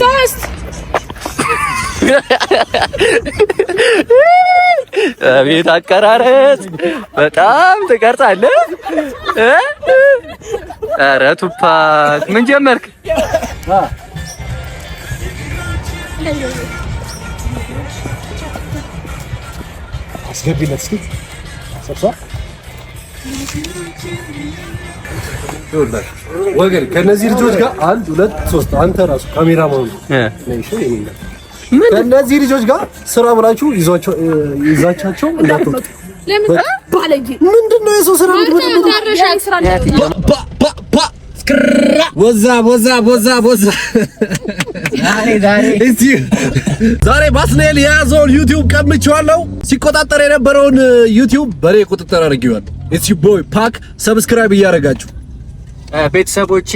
ሶስት ቤት አቀራረጽ በጣም ትቀርጻለህ። ኧረ ቱፓክ ምን ጀመርክ? አስገቢለት እስኪ ሰብሷ ወገን ከነዚህ ልጆች ጋር አንድ ሁለት ሶስት አንተ ራሱ ካሜራ ከነዚህ ልጆች ጋር ስራ ብላችሁ ይዛቻቸው እንዳትወጡ። ምንድነው የሰው ስራ ወዛ ወዛ ወዛ ወዛ ዛሬ ባስሌል የያዘውን ዩቲዩብ ቀምቼዋለሁ። ሲቆጣጠር የነበረውን ዩቲዩብ በኔ ቁጥጥር አድርጌዋለሁ። ኢትስ ቦይ ፓክ ሰብስክራይብ እያደረጋችሁ ቤተሰቦቼ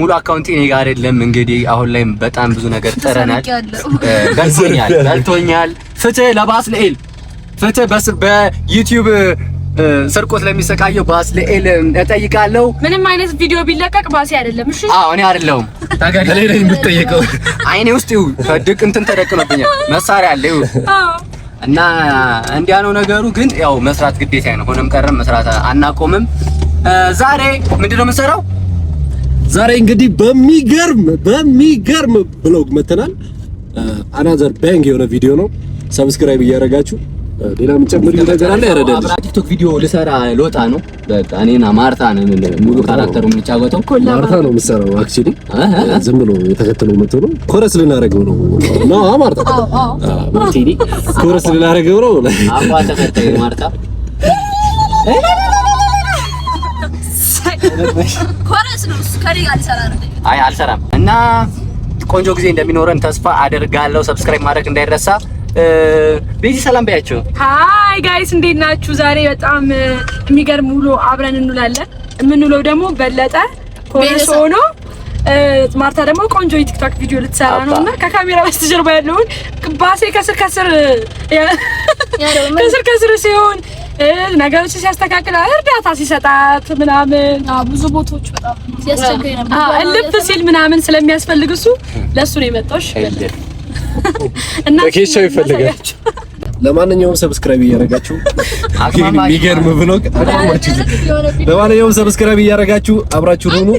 ሙሉ አካውንቲ እኔ ጋር አይደለም። እንግዲህ አሁን ላይም በጣም ብዙ ነገር ጥረናል። በልቶኛል በልቶኛል። ፍትህ ለባስልኤል ፍትህ በዩቲዩብ ስርቆት ለሚሰቃየው ባስልኤል እጠይቃለሁ። ምንም አይነት ቪዲዮ ቢለቀቅ ባሴ አይደለም። እሺ፣ አዎ፣ እኔ አይደለሁም ታጋሪ ላይ የምጠየቀው አይኔ ውስጥ ይው ፈድቅ እንትን ተደቅኖብኛል። መሳሪያ አለ ይው እና እንዲያ ነው ነገሩ። ግን ያው መስራት ግዴታ ነው። ሆነም ቀረም መስራት አናቆምም። ዛሬ ምንድነው የምንሰራው? ዛሬ እንግዲህ በሚገርም በሚገርም ብሎግ መተናል። አናዘር ባንግ የሆነ ቪዲዮ ነው። ሰብስክራይብ እያደረጋችሁ ሌላ ምጨምር ነገር አለ ያረዳል። ቲክቶክ ቪዲዮ ልሰራ ልወጣ ነው። በቃ እኔና ማርታ ነን ሙሉ ካራክተሩ የምንጫወተው። ማርታ ነው የምትሰራው። አክቹሊ ዝም ብሎ የተከተለው መጥቶ ነው። ኮረስ ልናደርገው ነው ነው ማርታ ኮረስ ልናደርገው ነው። አባ ተከታይ ማርታ አይ አልሰራም። እና ቆንጆ ጊዜ እንደሚኖረን ተስፋ አድርጋለሁ ሰብስክራይብ ማድረግ እንዳይረሳ። ቤዚ ሰላም በያቸው። ሀይ ጋይስ እንዴት ናችሁ? ዛሬ በጣም የሚገርም ውሎ አብረን እንውላለን። የምንውለው ደግሞ በለጠ ኮሶ ሆኖ ማርታ ደግሞ ቆንጆ የቲክቶክ ቪዲዮ ልትሰራ ነው እና ከካሜራ በስተጀርባ ያለውን ባሴ ከስር ከስር ከስር ከስር ሲሆን ነገሮች ሲያስተካክል እርዳታ ሲሰጣት ምናምን ብዙ ቦታዎች በጣም ሲያስቸግረኝ ነበር። ሲል ምናምን ስለሚያስፈልግ እሱ ለእሱ ነው የመጣሁሽ እና ኬሻ ይፈልጋል። ለማንኛውም ሰብስክራይብ እያደረጋችሁ የሚገርም ብሎግ አቋማችሁ። ለማንኛውም ሰብስክራይብ እያደረጋችሁ አብራችሁ ሆኑ።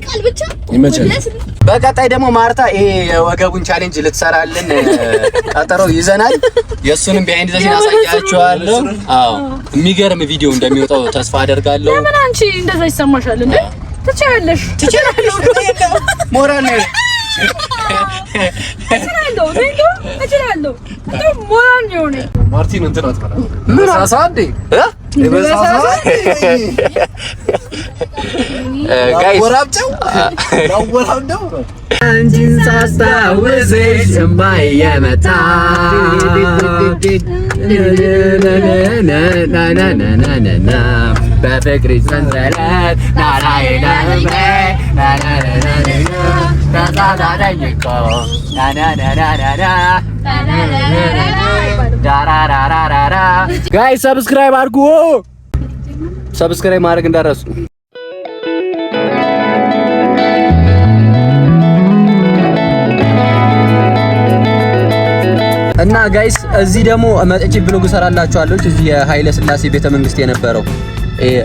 ይመቻል። በቀጣይ ደግሞ ማርታ ይሄ የወገቡን ቻሌንጅ ልትሰራልን ቀጠሮ ይዘናል። የእሱንም ቢሃይንድ ዘሽን አሳያችኋለሁ። አዎ የሚገርም ቪዲዮ እንደሚወጣው ተስፋ አደርጋለሁ። ለምን አንቺ እንደዛ ይሰማሻል እንዴ? ትችያለሽ፣ ትችያለሽ። ሞራል ነው እችላለሁ፣ እችላለሁ። ሞራል ነው የሆነ ማርቲን እንትን አትበላ። ምን በፍቅሪ ሰንሰለት ናናዬ ጋይ ሰብስክራይብ አድርጉ። ሰብስክራይብ ማድረግ እንዳረሱ። እና ጋይስ እዚህ ደግሞ መጥቼ ብሎግ እሰራላችኋለሁ። እዚህ የኃይለ ስላሴ ቤተ መንግስት የነበረው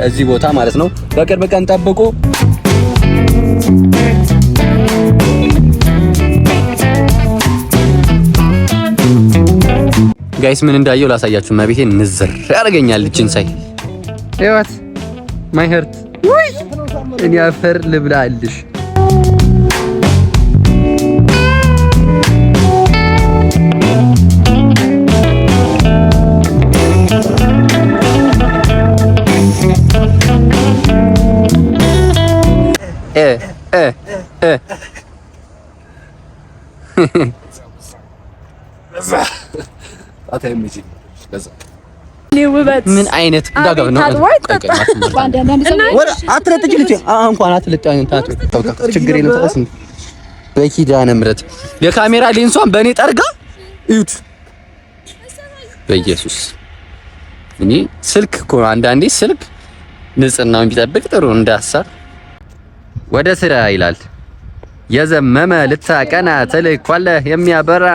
እዚህ ቦታ ማለት ነው። በቅርብ ቀን ጠብቁ። ጋይስ ምን እንዳየው ላሳያችሁ። መቤቴ ንዝር ያደርገኛል። እችን ሳይ እዋት ማይ ሄርት ውይ እኔ አፈር ልብላ አልሽ እ እ እ አታይም እንጂ ለዛ ምን አይነት ነው? አትለጥጭ ልጅ እንኳን ችግር የለም። በኪዳነ ምሕረት የካሜራ ሌንሷን በእኔ ጠርጋ እዩት። በኢየሱስ እኔ ስልክ እኮ አንዳንዴ ስልክ ንጽህናውን ቢጠብቅ ጥሩ እንዳሳ ወደ ስራ ይላል። የዘመመ ልታቀና ተልኳለህ የሚያበራ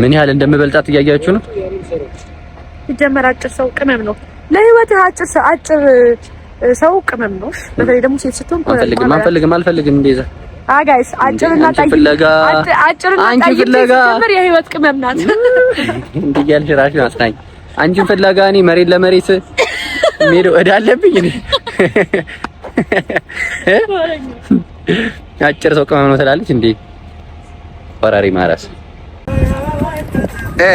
ምን ያህል እንደምበልጣት እያያችሁ ነው። ይጀመር አጭር ሰው ቅመም ነው ለህይወት አጭር ሰው ቅመም ነው። በተለይ ደግሞ ሴት ስትሆን አልፈልግም አልፈልግም አልፈልግም እንደዛ አ ጋይስ አጭርና ጠይቅ አጭርና ጠይቅ ፍለጋ የህይወት ቅመም ናት። እንዴ ያልሽ ራስሽ አስናኝ አንቺን ፍለጋ እኔ መሬት ለመሬት ሜዶ እዳ አለብኝ እኔ አጭር ሰው ቅመም ነው ትላለች እንዴ ወራሪ ማራስ እ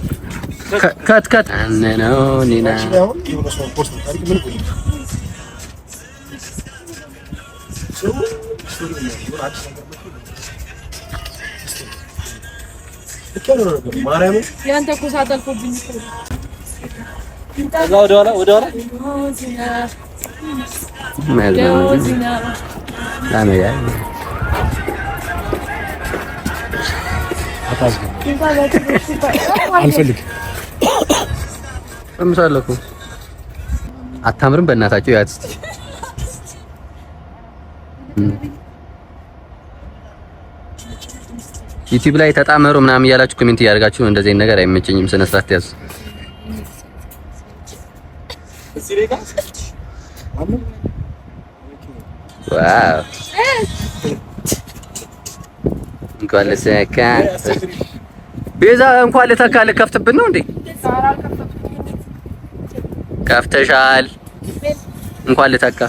ከትከት አልፈልግም ቀምሳለኩ አታምርም። በእናታቸው ያትስቲ ዩቲዩብ ላይ ተጣመሩ ምናምን እያላችሁ ኮሜንት እያደርጋችሁ እንደዚህ ነገር አይመቸኝም። ስነ ስርዓት ያዙ። ዋው እንኳን ለሰካ ቤዛ እንኳን ለተካ ልከፍትብን ነው እንዴ? ከፍተሻል። እንኳን ልተካ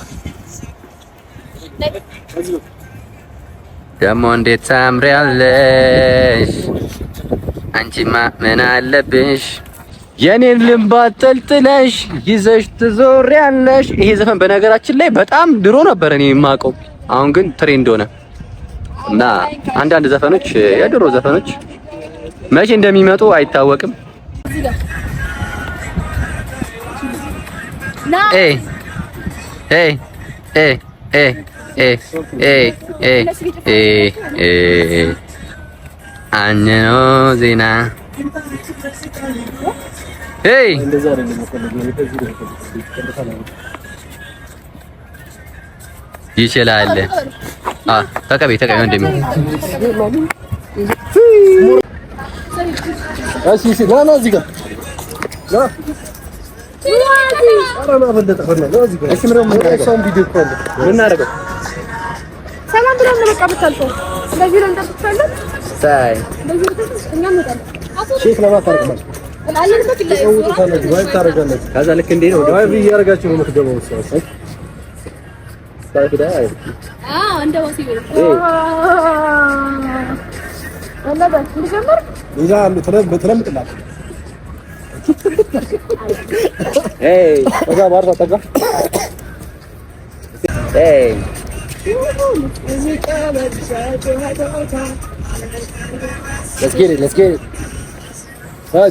ደግሞ እንዴት ታምሪያለሽ አንቺማ ምን አለብሽ የኔን ልምባት ጠልጥለሽ ይዘሽ ትዞሪያለሽ። ይሄ ዘፈን በነገራችን ላይ በጣም ድሮ ነበር እኔ የማውቀው፣ አሁን ግን ትሬንድ ሆነ እና አንዳንድ ዘፈኖች የድሮ ዘፈኖች መቼ እንደሚመጡ አይታወቅም። Ehi, ehi, ehi, ehi, ehi, ehi, ehi, ehi, ehi, Agnenosina. Ehi! Dice la L. Ah, t'ho capito che non dimmi. Sì! Eh sì sì, buona musica! No! ሰላም ብለን ነው በቃ የምታልፈው። እንደዚህ ብለን እንጠብቅሻለን። ከዛ ልክ እንዴ ነው እያደረጋችሁ ነው የምትገባው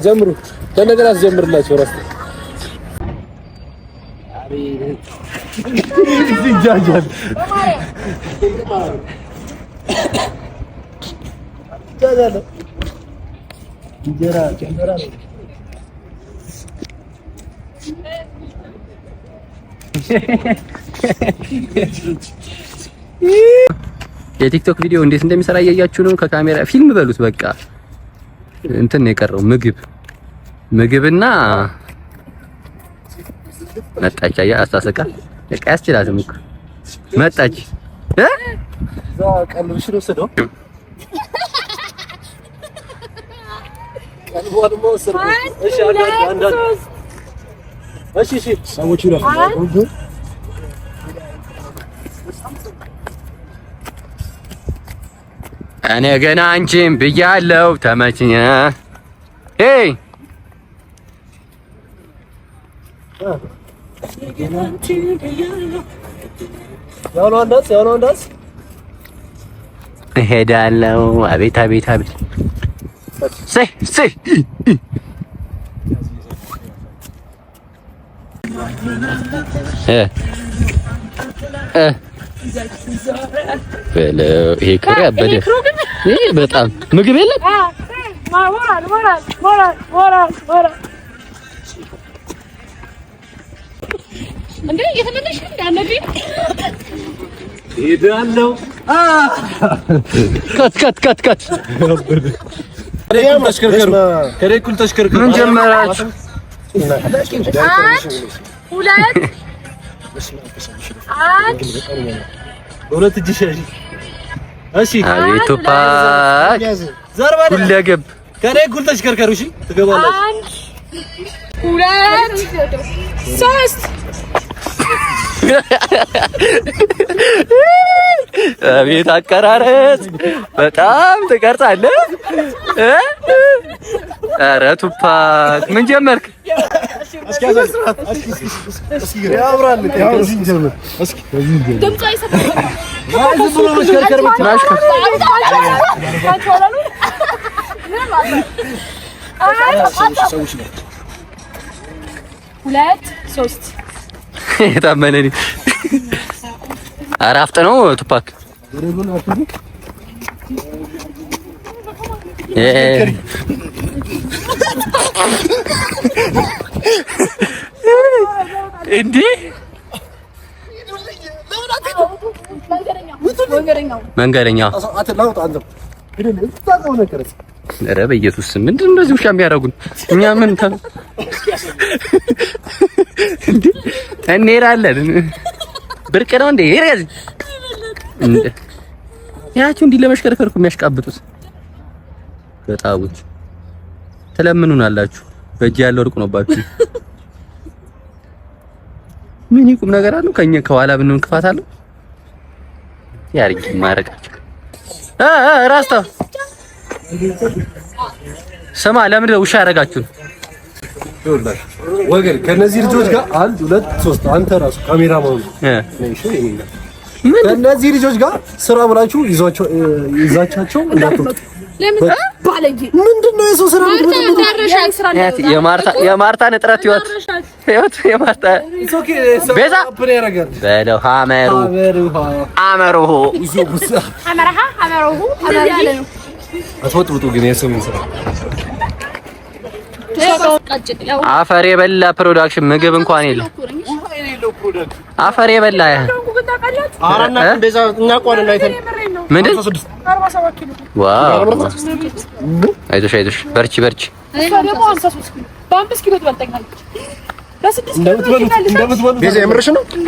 ጀምሩ ከእንደገና አስጀምርላቸው እራሱ እንጀራ የቲክቶክ ቪዲዮ እንዴት እንደሚሰራ እያያችሁ ነው። ከካሜራ ፊልም በሉት በቃ እንትን ነው የቀረው ምግብ ምግብና መጣች። አያ አስታሰቃ በቃ ያስችላትም እኮ መጣች እ ቀልብሽን እኔ ገና አንቺን ብያለው ተመችኝ። ሄይ እሄዳለው። አቤት አቤት አቤት ይሄ ክሩ ያበደ ይሄ በጣም ምግብ የለም። ሁለት እጅ እሺ አቤት ቶፓ ሁለገብ ከኔ እኩል ተሽከርከሩ። እሺ ትገባላችሁ። አንድ ሁለት ሦስት። አቤት አቀራረጽ በጣም ትቀርጻለህ። ኧረ ቱፓ ምን ጀመርክ? እስኪ ዝም ብሎ መሽከርከር ብቻ ሁለት ሶስት የታመነ ኧረ አፍጥ ነው ቱፓክ እንዴ መንገደኛ ኧረ በኢየሱስ ምንድን ነው እንደዚህ ውሻ የሚያደርጉን? እኛ ምን ታ እንሄዳለን። ብርቅ ነው እንዴ? እንዲህ ለመሽከርከር እኮ የሚያሽቃብጡት ትለምኑን አላችሁ። በእጅ ያለው ምን ይቁም ነገር አለው ከኛ ከኋላ ብንም ክፋት አለው። ያርግ ማረቃችሁ እ እ ራስታ ስማ፣ ለምንድን ውሻ ያረጋችሁ? ወገን ከነዚህ ልጆች ጋር አንድ ሁለት ሶስት፣ አንተ ራሱ ካሜራ ማለት ከነዚህ ልጆች ጋር ስራ ብላችሁ ይዛቻቸው እንዳትወጡ ምንድነው የሰው ስራ? የማርታን እጥረት ህይወት ህይወት የማርታ ቤዛ በለው ሀመሩ አመሩሁ አመራሃ አመሩሁ ግን የሰውን ስራ አፈር የበላ ፕሮዳክሽን ምግብ እንኳን የለም። አፈር የበላ ያ አራና ቤዛ እና አይተን ምንድን አይዞሽ አይዞሽ፣ በርቺ በርቺ።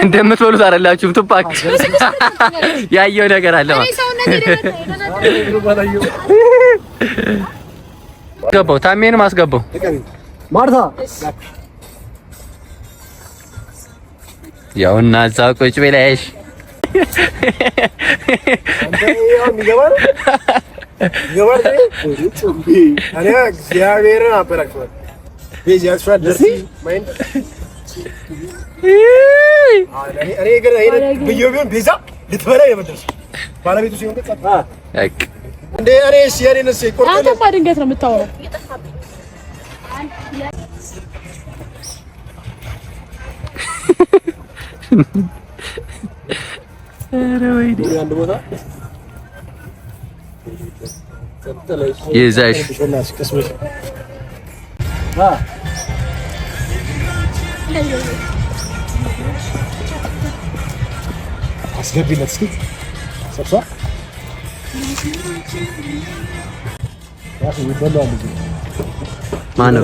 እንደምትበሉት አይደላችሁም። ቱፓክ ያየው ነገር አለ ታሜንም አስገባው ማርታ ያውና እዛ ቁጭ ብለሽ እግዚአብሔርን አበራክቷል። ቤዛ ልትበላ የመደረሰው ነው የምታወራው። ይዛሽ አስገቢለት ማነው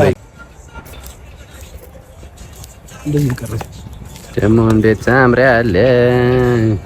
ደግሞ እንዴት አምሪያለሽ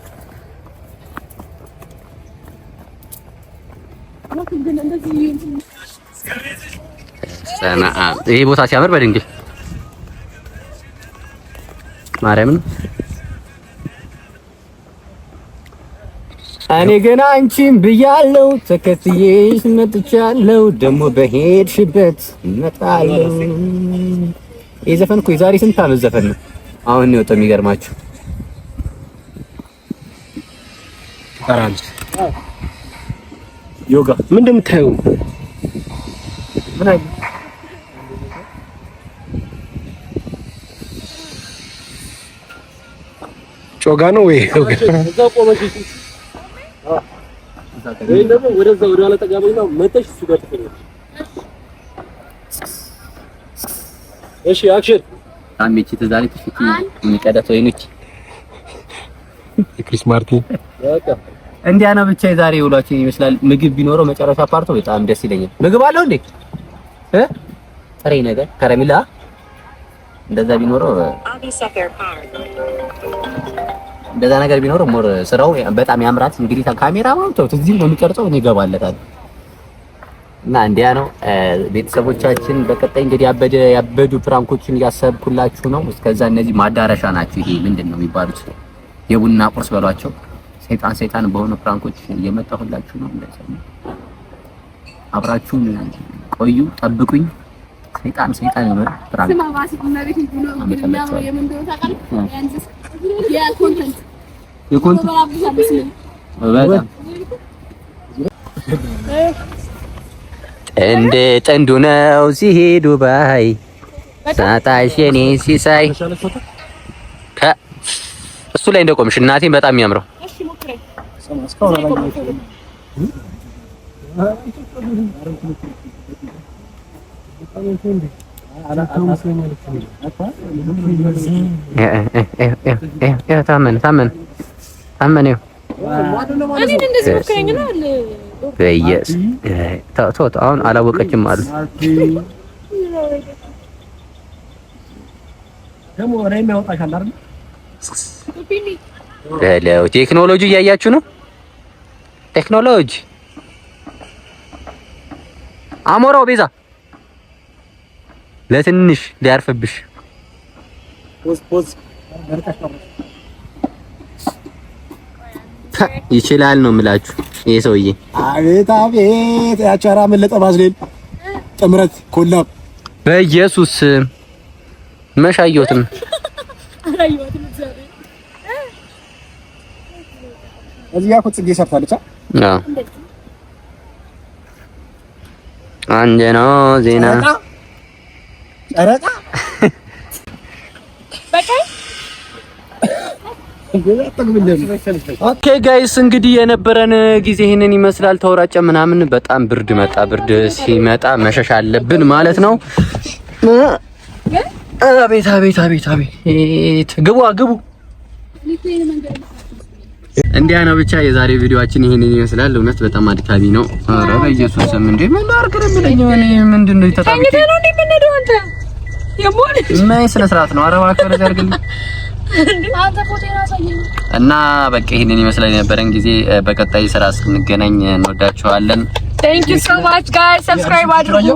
ይሄ ቦታ ሲያምር በድንግል ነው እኔ ገና አንቺን ብያለው ተከትዬሽ መጥቻለው። ደግሞ በሄድሽበት መጣለው። ይህ ዘፈን እኮ የዛሬ ስንት ዓመት ዘፈን ነው። አሁን ነው ወጣ። የሚገርማችሁ ዮጋ ምን አይ ጮጋ ነው ወይ? እሺ አክሽን ተዛሬ ትፍቲ ማርቲን እንዲያ ነው። ብቻ የዛሬ ውሏችን ይመስላል። ምግብ ቢኖረው መጨረሻ ፓርቶ በጣም ደስ ይለኛል። ምግብ አለው እንዴ? እ ጥሬ ነገር ከረሚላ እንደዛ ቢኖረው እንደዛ ነገር ቢኖር ሞር ስራው በጣም ያምራት። እንግዲህ ካሜራ ማምተውት እዚህም ነው የሚቀርጸው፣ ነው እገባለታለሁ እና እንዲያ ነው ቤተሰቦቻችን። በቀጣይ እንግዲህ ያበደ ያበዱ ፕራንኮችን እያሰብኩላችሁ ነው። እስከዛ እነዚህ ማዳረሻ ናቸው። ይሄ ምንድን ነው የሚባሉት? የቡና ቁርስ በሏቸው። ሰይጣን ሰይጣን በሆኑ ፕራንኮች እየመጣሁላችሁ ነው። አብራችሁ ቆዩ፣ ጠብቁኝ። ሰይጣን ሰይጣን ነው ፕራንክ የኮንት ጥንድ ጥንዱ ነው ሲሄዱ ባይ ሳጣሽ የኔ ሲሳይ እሱ ላይ እንደቆምሽ እናቴን በጣም የሚያምረው ታመን ታመን አመኔው አሁን አላወቀችም አሉ። ቴክኖሎጂ እያያችሁ ነው። ቴክኖሎጂ አሞራው ቤዛ ለትንሽ ሊያርፍብሽ ይችላል ነው የምላችሁ። ይሄ ሰውዬ አቤት አቤት! ያቻራ መለጠ ባዝሌል ጥምረት ኮላ በኢየሱስ መሻየውትም እዚህ ጋር ጽጌ ሰርታለች። አዎ አንድ ነው ዜና ጨረቃ በቃ ኦኬ ጋይስ እንግዲህ የነበረን ጊዜ ይህንን ይመስላል። ተወራጨ ምናምን በጣም ብርድ መጣ። ብርድ ሲመጣ መሸሽ አለብን ማለት ነው። አቤት አቤት አቤት አቤት! ግቡ ግቡ! እንዲያ ነው ብቻ። የዛሬ ቪዲዮአችን ይህንን ይመስላል። እውነት በጣም አድካሚ ነው። ኧረ በኢየሱስ ስም እንዴ! ምን ላድርግ ነው የምለኝ? እኔ ምንድን ነው እንዴ? ምን ነው አንተ ስነ ስርዓት ነው? ኧረ እባክህ ወደዚህ አድርግልኝ እና በቃ ይሄንን ይመስላል የነበረን ጊዜ። በቀጣይ ስራ እስክንገናኝ እንወዳችኋለን። ቴንክ ዩ ሶ ማች ጋይ ሰብስክራይብ አድርጉ።